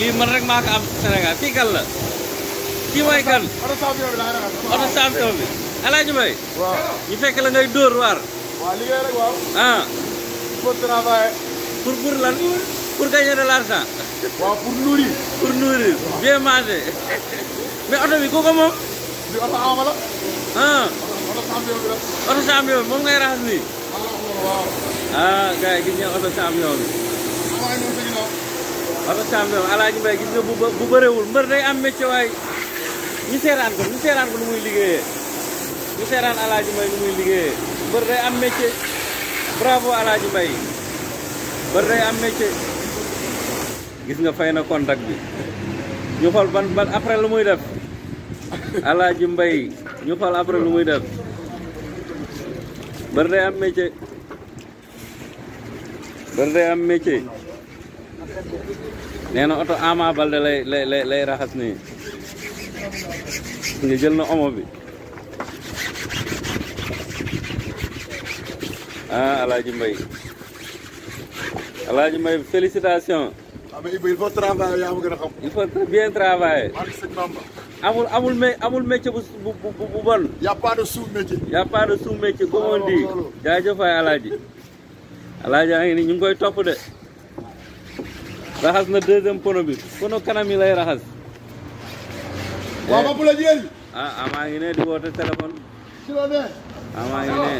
lima reng mak am senang hati kalo ki mai kan ada sampai ada ada ada sampai ada ala aja mai ife kalo ngai war wali ya ah putra apa pur pur lan pur ada larasah. wah pur nuri pur nuri biar mana me ada biko kamu di apa awal ah ada sampai ada ada sampai ada mau ngai rasmi ah kayak gini ada sampai ada wala champion Alaaji Mbay gis nga bu bu mbër day am métier waay ñu seeraan nu muy liggéeyee ñu seeraan nu muy liggéeyee mbër day am métier bravo Alaaji mbër day am métier gis nga fay na contact bi ñu xool ban ban après lu muy def Alaaji Mbay ñu xool après lu muy def mbër day am métier mbër day am métier neena auto Ama bal lay lay lay lay raxas ni nga jël na omo bi ah Alaaji Mbay Alaaji Mbay félicitations. waaw ah, mais il faut travailler yaa ma gën a xam. bien travailler. amul amul amul métier bu bu bu bu bon. y' a pas de sous métier. y' a pas de sous métier comme on dit. Ah, jaajëf waay Alaaji Alaaji ngi ni ñu koy topp de. raxas na deuxième pono bi pono kanam yi lay raxas. waaw bopp la jigéen ñi. ah amaa ngi ne di woote téléphone. si la nee. amaa ngi ne.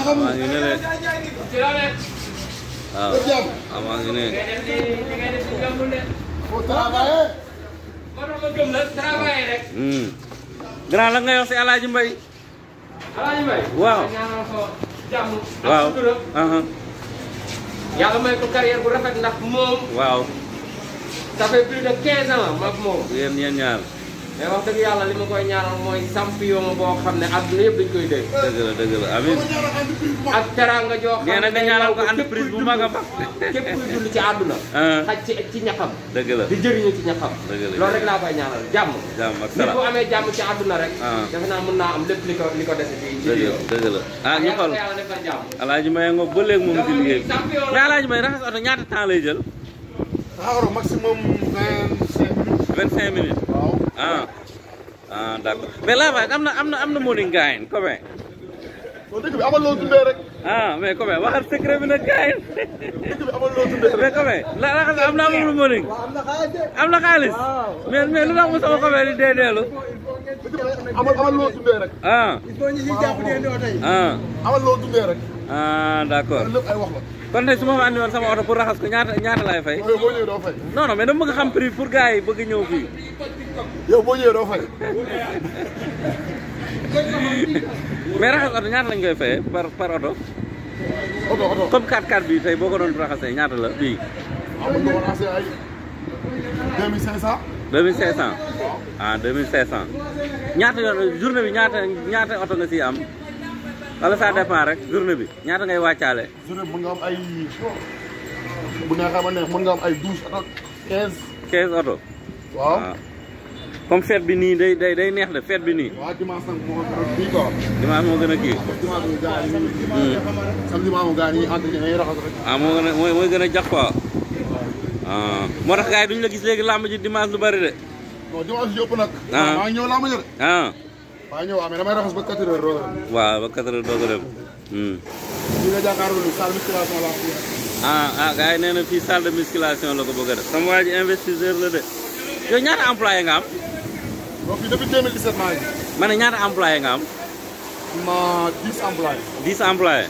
amaa ngi ne de. waaw amaa ngi ne. faut travailler. grand la nga yox si Alaaji Mbay. Alaaji Mbay. waaw. waaw. y a yàlla may ko carrière pour rafet ndax moom. waaw ça fait plus de 15 ans ma ak moom. yéen ñaar. mais wax dëgg yàlla li ma koy ñaanal mooy champion boo xam ne àdduna yëpp dañ koy dégg. dëgg la dëgg la amiin. ak teraanga joo xam ne nee na nga ñaanal ko entreprise bu mag a mag. képp kuy dund ci àdduna. Ah. xaj ci ci ñaxam. dëgg la di jëriñu ci ñaxam. dëgg la loolu rek laa koy ñaanal jàmm. jàmm ak salaam nit ku amee jàmm ci àdduna rek. Ah. defe naa mën naa am lépp li ko li ko dese fii. dëgg la dëgg la ah ñu xool alaaji may nga ba léegi moom ci liggéey bi. mais alaaji may raxas oto ñaata temps lay jël. maximum vingt cinq minutes. ah ah d' accord Lava am na am na am na morning gaay comme. non dëkk bi amal loo dundee rek. ah mais comme waxal secret bi nag am na amul am na xaalis mais mais lu tax mu sama comme di dee deelu. amal amal loo dundee rek. ah il faut ñu si jàpp ah. ah, wax kon nag su ma fa andi woon sama oto pour raxas ko ñaata ñaata laay fay. boo ñëwee doo fay. non non mais dama bëgg xam prix pour gars yi ñëw fii. yow boo ñëwee doo fay. mais raxas oto ñaata lañ par par oto. oto oto comme 4x4 bii tey boo ko doon raxasee ñaata la bii. waaw ah, mën nga ko raxasee ay 2500. 2500 ah 2500 ñaata yoon journée bi ñaata ñaata oto nga siy am. wala saa dépend rek journée bi ñaata ngay wàccaale. journée bi bu am ay douze oto quinze. quinze oto. waaw ah. comme bi nii day day day neex de fête bi nii. waaw dimanche moo gën a kii moo gën a kii. dimanche bi hmm. gars yi ah, nii. jax quoi. Ah. moo tax gars yi duñ la gis léegi làmb ji dimanche lu bari de. non dimanche ñëw làmb ji de. waaw ñëw waaw mais damay raxas ba 4 heures doog a dem. waaw hmm. de musculation laa ko ah ah gars yi de musculation la ko bëgg a def. sama waa la de. yow ñaata employé nga am. ma ne ñaata employé nga am. ma 10 employés.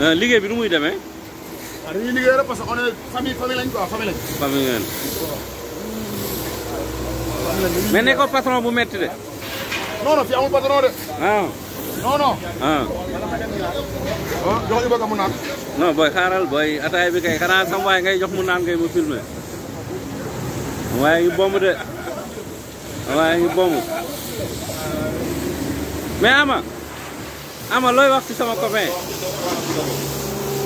Euh, liggéey bi nu muy deme waaw ah, dañuy liggéey ne ko patron bu metti de. non non fii amul patron de. waaw. Ah. non non. ah. Oh, jox ñu bëgg mu naan. kay xanaa sama waay ngay jox mu naan ngay mu filmé. waaye ngi bomb de. waaye ngi bomb. mais Ama. Ama looy wax ci sama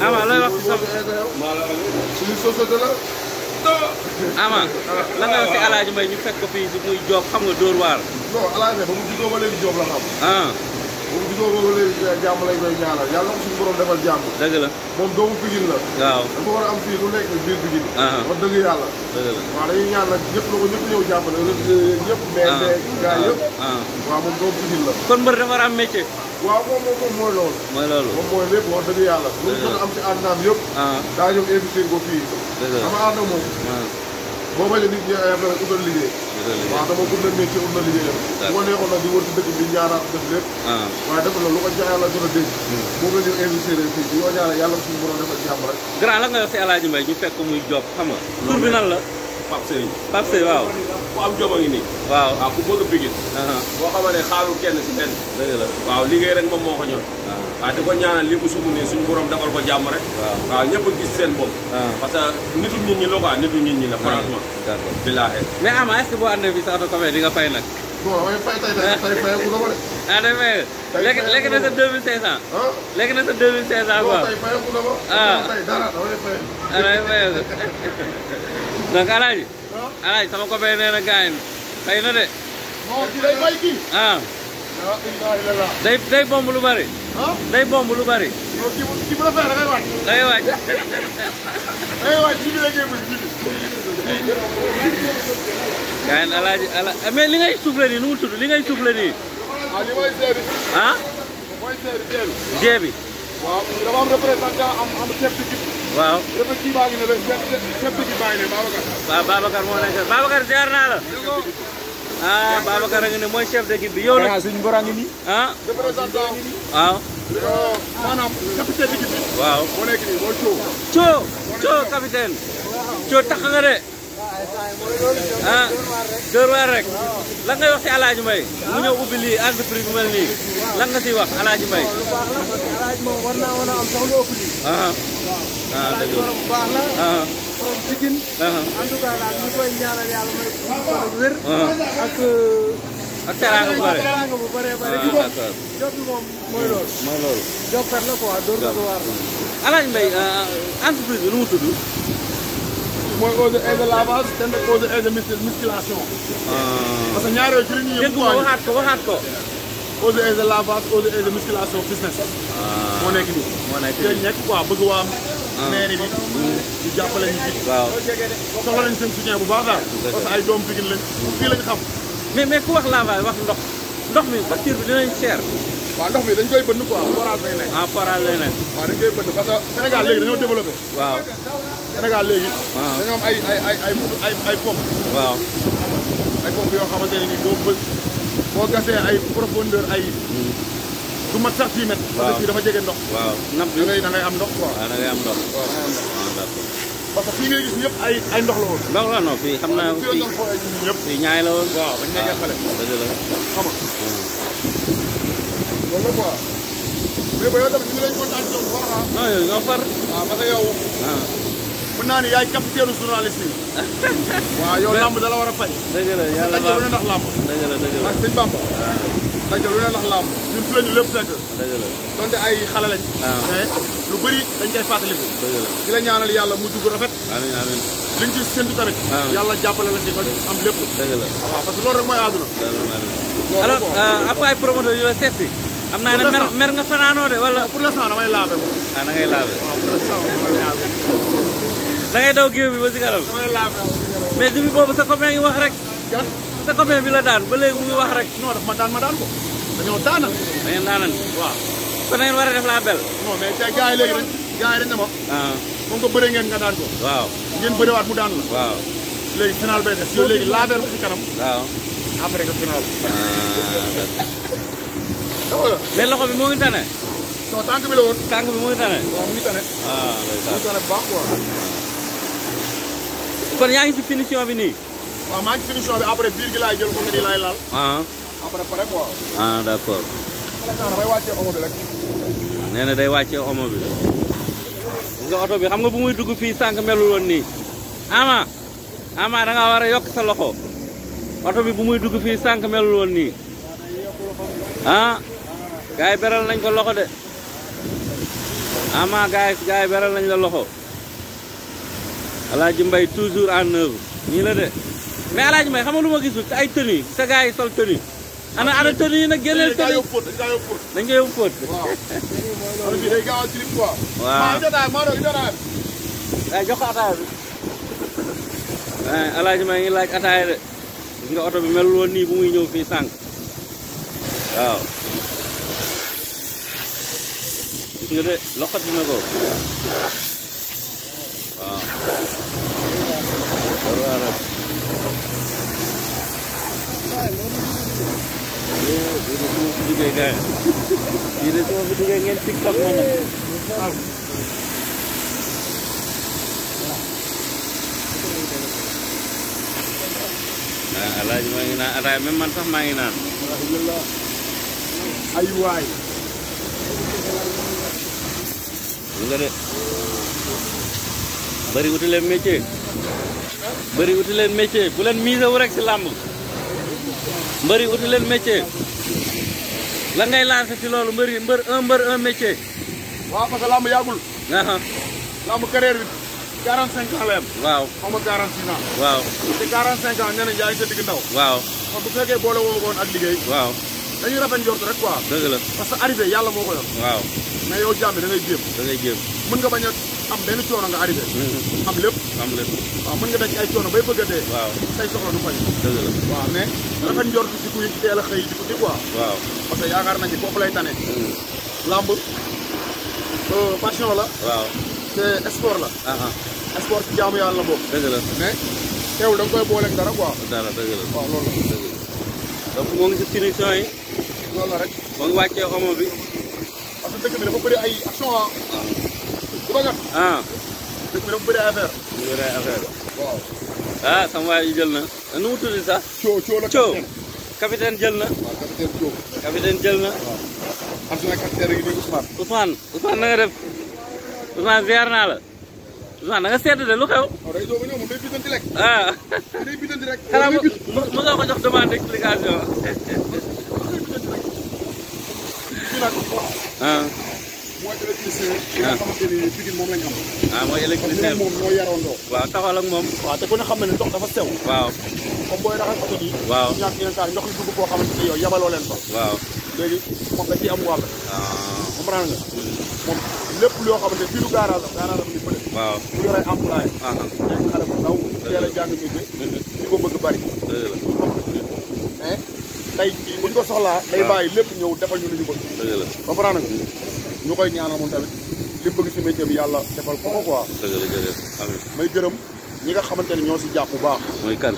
Ama looy wax ci ama lan nga wax si Alaaji Mbay ñu fekk ko fii si muy Joob xam nga Dóor waar. non Alaaji Mbay ba mu juddoo la ah. eh, koy ñaanal yàlla borom defal jàmm. dëgg la moom doomu Pikine la. waaw dafa war a am fii lu nekk biir Pikine. Ah. wax dëgg yàlla. dëgg la waaw ko ñëpp ñëw jàppale. ñëpp mais eh, ah. eh, moom doomu Pikine la. kon mbër dafa war am métier. waaw moom moom mooy loolu. mooy loolu moom mooy lépp wax dëgg yàlla. lu mu mën am si àddinaam yëpp. Ah. daa ñëw investir ko fii. dëgg la ah. boo bañ a ñi ayab la rek utal liggéey. waaw dama gudd na métier ut na liggéeyam. bu ko neexoon nag di wër ci dëkk bi ñaanaat def lépp. Ah. waaye def na lu ko jox yàlla gën a dégg. Hmm. moom la ñu investir fii di ko ñaanal yàlla suñu borom defal jàmm rek. grand la nga wax si El Hadj Mbaye ñu fekk muy job xam nga. tur bi nan la. Pape Serigne. Pape Serigne waaw. ku am jom ngi nii. waaw waaw ku bëgg bigit uh-huh. boo xam ne xaarul kenn si benn. dëgg la waaw liggéey rek moom moo ko ñor. Uh-huh. waaw di ko ñaanal li mu sumb nii suñu borom defal ko jàmm rek. waaw waaw gis seen bopp. Uh-huh. parce que nitu nit ñi la quoi nitu nit ñi la. franchement d'accord billaahi mais Ama est-ce que boo àndee bi sax da ko may di nga fay nag. bon ah damay léegi léegi na sa 2500. léegi na sa 2500 quoi. waaw ah tey dara damay fay. Ah, donc alaaji alaaji sama copain nee na gaañ xëy na de moom day bay kii day bomb lu bari day bomb lu bari ci bu la fay da ngay wàcc da ngay wàcc da ngay wàcc ci bi li ngay soufflé nii li ngay soufflé waaw. yëpp kii baa ngi ne la yëpp kii baa ngi ne Babacar. waaw ah, a ngi ne mooy chef d'équipe bi yow la. Ah, a ngi nii. ah représentant waaw. Euh, maanaam capitaine d'équipe capitaine. Thio tax nga ah Dóor waar rek lan ngay wax ci Alaaji Mbay mu ñëw ubbi lii entreprise bu mel nii lan nga ciy wax Alaaji Mbay moom war naa mën mooy eau de eau de lavage te ne eau de eau de musculation. Ah. parce que ñaar yooyu ci li ñuy yëngu. waxaat ko waxaat ko. eau de eau de lavage eau de eau de musculation fitness. Ah. moo nekk nii. moo nekk nii nekk quoi bëgg waa. maire ah. bi mm. di jàppale ñu fii. waaw soxla nañ seen soutien bu baax daal. parce que ay doom Pikine lañ. Mm. fii lañ xam. mais mais ku wax lavage wax ndox ndox mi facture bi dinañ cher. waaw ndox mi dañ koy bënn quoi forage lay nekk. ah forage lay nekk. waaw dañ koy bënn parce que Sénégal léegi dañoo développé. waaw. Sénégal léegi. waaw ah. dañoo am ay ay ay ay ay ay pompes. waaw ay pompes yoo xamante ne nii boo bë boo gasee ay profondeur ay. Hmm. du mat sax six mètres. waaw parce que dafa jege ndox. waaw napp bi da ngay da ngay am ndox quoi. Ah, da ngay am ndox. waaw da ngay am ndox waaw ah, d'accord. parce que fii ngay gis ñëpp ay ay ndox la woon. ndox la non fii xam naa fii ñëpp fii ñaay la woon. waaw bañ nekkee xale. dëgg la xam nga. Hmm. loolu la quoi. mais ba yow tamit ñu ngi lay kontaan ci yow bu baax ah. non yow ñoo far. waaw parce que yow. mun naa ne yaay capitaine journaliste yi. waaw yow lamb dala war a fay. dëgg la yàlla baax na ndax lamb. dëgg la dëgg la ak sëñ Bamba. waaw dëgg la ndax lamb. ñun fii la ñu lépp fekk. dëgg la donte ay xale lañ. Ah. mais lu bëri dañ koy fàttaliku. dëgg la di la ñaanal yàlla mujj bu rafet. amiin amiin. li nga ci séntu tamit. Ah. yàlla jàppale la ci ba am lépp. dëgg la ah, waaw parce que loolu rek mooy àdduna. loolu alors euh, après ay promoteur yu la seet si. am naa ne mer mer nga fanaanoo de wala. pour l'instant damay laabe moom. ah da ngay laabe. waaw pour l'instant damay laabe. da ngay daw géew bi ba si kanam. mais depuis boobu sa copain ngi wax rek. sa copain bi la daan ba léegi mu ngi wax rek. non daf ma daan ma daan ko. dañoo daanal. da ngeen daanal. waaw. kon da ngeen war a def la bel. non mais tey gars yi léegi dañ gars yi dañ ne ma. moom ah. ko bëree ngeen nga daan ko. waaw ngeen bëriwaat mu daan la. waaw léegi final bay def. yow léegi laabel ko si kanam. waaw après que final. Ah, mais loxo bi moo ngi tane. non tànk bi la woon. tànk bi moo ngi tane. waaw mu ngi tane. waaw ah, mu ngi tane bu baax quoi. kon yaa ngi ci finition bi nii. waaw maa ngi finition la nii laay ah. ah, na day wàccee omo bi. nga oto bi xam nga bu muy dugg fii sànq melul woon nii. ama ama da nga war a yokk sa loxo. oto bi bu muy dugg fii sànq melul woon nii. ah. gars yi nañ ko loxo de. ama gars yi nañ la loxo. alaaji mbay toujours en œuvre nii la de mais alaaji mbay xam nga lu ma gisul ay tenue sa gars yi sol tenue ana ana tenue yi nag génneel tenue dañ koy yóbbu fóot waaw waaw eh, jox ko ataaya bi eh, alaaji mbay ngi laaj ataaya de gis nga oto bi melul woon nii bu muy ñëw fii sànq waaw gis nga de loxati na ko waaw juga kan. Kira tu aku juga dengan TikTok mana. Nah, ala mainan, ala memang tak mainan. Alhamdulillah. Ayuai. Enggak deh. Beri udah lemme cek. bëri uti leen métier bu leen miise wu rek si làmb mbëri uti leen métier la ngay lancé ci lolu mbëri mbeur un mbeur un métier. waaw parce que làmb yàggul. lamb carrière bi 45 ans la yem. waaw xaw 46 ans. waaw ci 45 ans ñene jaay ci dig sa digg ndaw. waaw kon bu fekkee boole woo won ak liggéey. waaw dañu rafañ jort rek quoi. deug la parce que arrivé yalla moko ko yor. waaw mais yow jàmm da ngay jëm da ngay jëm mën nga baña am benn coono nga arrivé. Mm-hmm. am lépp am lépp. waaw mën nga daj ay coono bay bëgg a dee. waaw say soxla du fay. dëgg la waaw mais. rafet njort si kuy teel a xëy di ko di quoi. waaw parce que yaakaar nañu foofu lay tane. Mm-hmm. làmb euh, passion la. waaw te sport la. Uh-huh. sport si jaamu yàlla la boobu. dëgg la mais teewul da nga koy booleeg dara quoi. dara dëgg la waaw loolu la. dëgg la donc moo ngi si finition yi. loolu la rek. moo ngi wàccee xomo bi. parce que dëkk bi dafa bëri ay action ah. ah. programme. Ah. ah. sama waay jël na. Ah, nu mu sax. coo coo la capitaine capitaine jël na. waaw jël na. waaw. am na nga def Ousmane ziar la. Ousmane da nga seet de lu xew. ah. day mu mu nga ko jox demande d'explication. ah. Ah, électricien yi nga xamante ni Pikine moom lañ am. moom ñoo yarandoo. waaw taxawal moom. waaw te ku ne xam na ne ndox dafa sew. waaw comme booy raxas oto yi. waaw ñaata yeneen saa ndox yi dugg koo xamante ni yow yabaloo leen fa. waaw léegi moom da ciy am wàll. waaw ah. comprendre nga. moom lépp loo xamante ni fii du garage la garage la ni fële. Ah. a jàng métier. di ko bëgg bari. Eh? ñu ko soxlaa. day bàyyi lépp ñëw defal ñu lu ñu bëgg. comprendre nga. ñu koy ñaanal moom tamit li bëgg si métier bi yàlla defal ko ko quoi. may gërëm ñi nga xamante ne ñoo si bu baax. muy kan.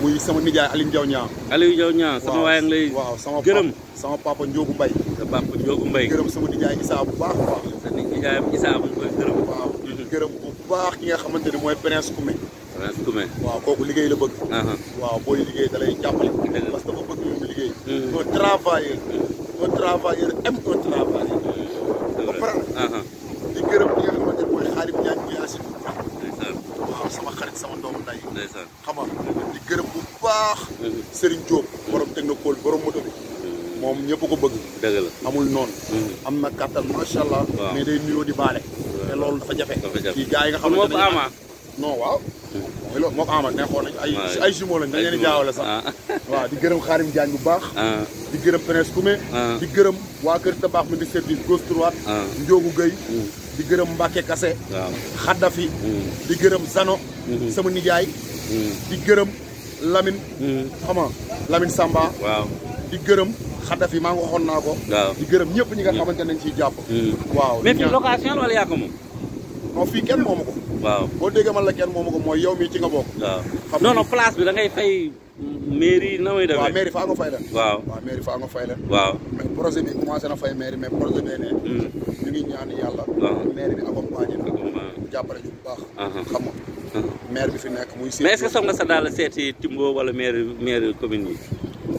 muy sama nijaay Aliou Ndiaw Niang. Aliou Ndiaw Niang sama waay ngi lay. sama papa sama papa Ndiogu Mbaye. sa papa Ndiogu Mbaye. gërëm sama nijaay Issa bu baax quoi. sa nijaay Issa bu koy gërëm. waaw gërëm bu baax ki nga xamante ne mooy Prince Koumé. Prince Koumé. waaw kooku liggéey la bëgg. Uh-huh. waaw booy liggéey da lay jàppale. parce que dafa bëgg liggéey. Mm-hmm. un travailleur. un travailleur aime un travailleur. di gërëm ki nga xamante ne mooy xaarim Diagne mooy asim waaw sama xarit sama doomu nday xam nga di gërëm bu baax Serigne Diop borom technopole borom moto bi hmm. moom ñëpp ko bëgg dëgg la amul noonu hmm. am na kattan macha allah mais day nuyoo di baale te loolu dafa jafe kii gars yi nga xamante ne non waaw. moo loolu moog Amady nekkoon nañu ay. ay jumeaux lañ dañ leen di jaawale sax. Ah. waaw di gërëm Xaarim Diagne bu baax. Ah. di gërëm Pénès Koumé. Ah. di gërëm waa Kër Tabax mi di service gauche droite. Ndiogu Gueye. Hmm. di gërëm Mbacke Kassé. waaw Xaddafi. Hmm. di gërëm Zano. Hmm. sama nijaay. di gërëm lamin xam nga Lamine Samba. waaw di gërëm. xadaf maa ngi waxoon naa ko. di gërëm ñëpp ñi nga xamante nañ ciy jàpp. waaw mais location wala yaa ko moom. non fii kenn moomu ko. waaw boo déggee man la moomu ko mooy yow mii ci nga bokk. waaw xam non bi da ngay fay mairie na muy demee. waaw mairie faa nga fay leen. waaw waaw mairie faa nga fay leen. waaw mais projet bi commencé na hmm. jàppale ñu bu uh-huh. uh-huh. bi fi nekk muy. mais est-ce que soog nga sa daal seeti Timbo wala maire maire commune bi.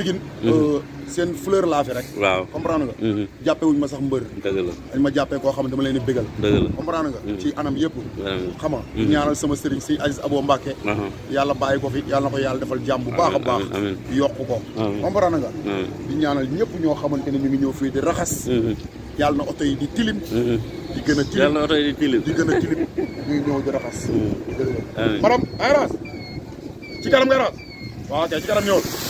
Pikine mhm. euh, seen fleur laa fi rek waaw comprendre nga mhm. jàppe wuñ ma sax mbër dëgg la dañ ma jàppee koo dama la comprendre nga mhm. ci anam yëpp xam ñaanal sama si Aziz Abo Mbacke yàlla bàyyi fi yàlla na ko defal jàmm bu baax baax yokk ko comprendre nga di ñaanal ñëpp ñoo xamante ne ngi ñëw fii di raxas yàlla na oto yi di tilim di tilim yi di tilim di tilim di raxas ci waaw ci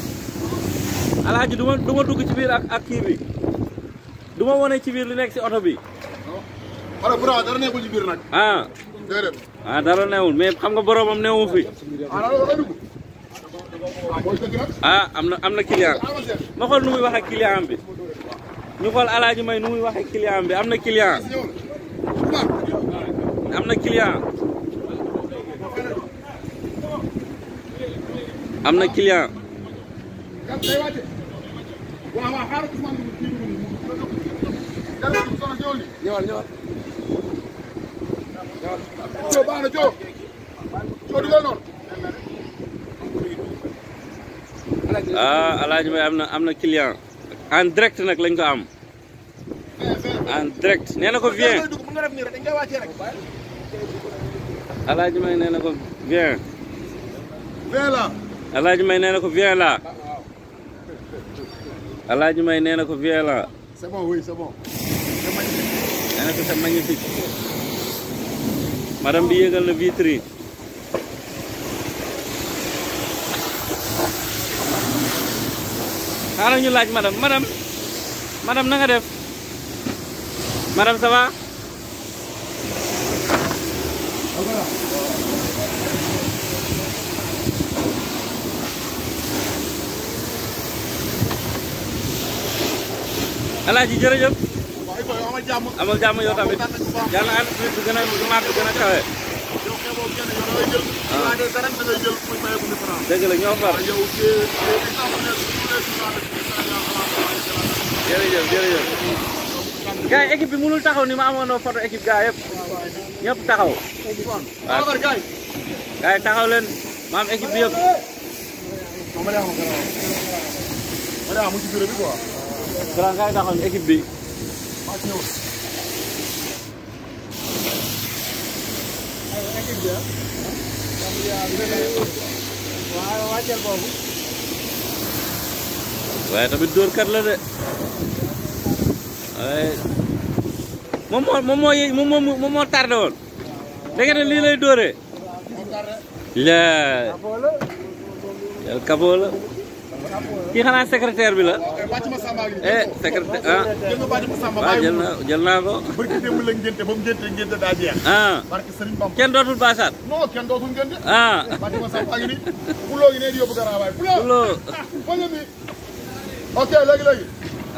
alaaji du ma dugg ci biir ak ak du ma wane ci biir li nekk si oto bi. wala bu dara nekkul ci ah. Ah, xam nga boromam newu fi. ah, ah am na am na client. ma xool nu wax ak client bi. ñu xool alaaji may nu wax ak client bi am na client. am na client. am na client. xaaral Ousmane na am na am na direct nag lañ ko am. en direct nee ko bien. Alaaji Mbay nee na ko bien. bien na ko bien alaaji may nee na ko violent c'est bon oui c'est bon c'est magnifique madame bi yëgal na vitre yi xaaral ñu laaj madame madame madame na madame ça va alaaji jërëjëf amal jàmm yow tamit yal na ànd bu gën a màgg gën a kawe dëgg la ñoo far jërëjëf jërëjëf gars yi équipe bi mënul taxaw ni ma amoon photo équipe gars yëpp ñëpp taxaw waaw gars yi taxaw leen ma am équipe bi yëpp. grand kaay taxaw ni équipe bi. waaye tamit dóor kat la de waaye moo moo moo tardé woon dégg nga lii lay dóoree. la El Capo kii xanaa secrétaire bi la. eh secrétaire ah. waaw jël naa ko. ah. kenn dootul baasaat. ah. ok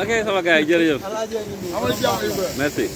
léegi sama gars yi jërëjëf. merci.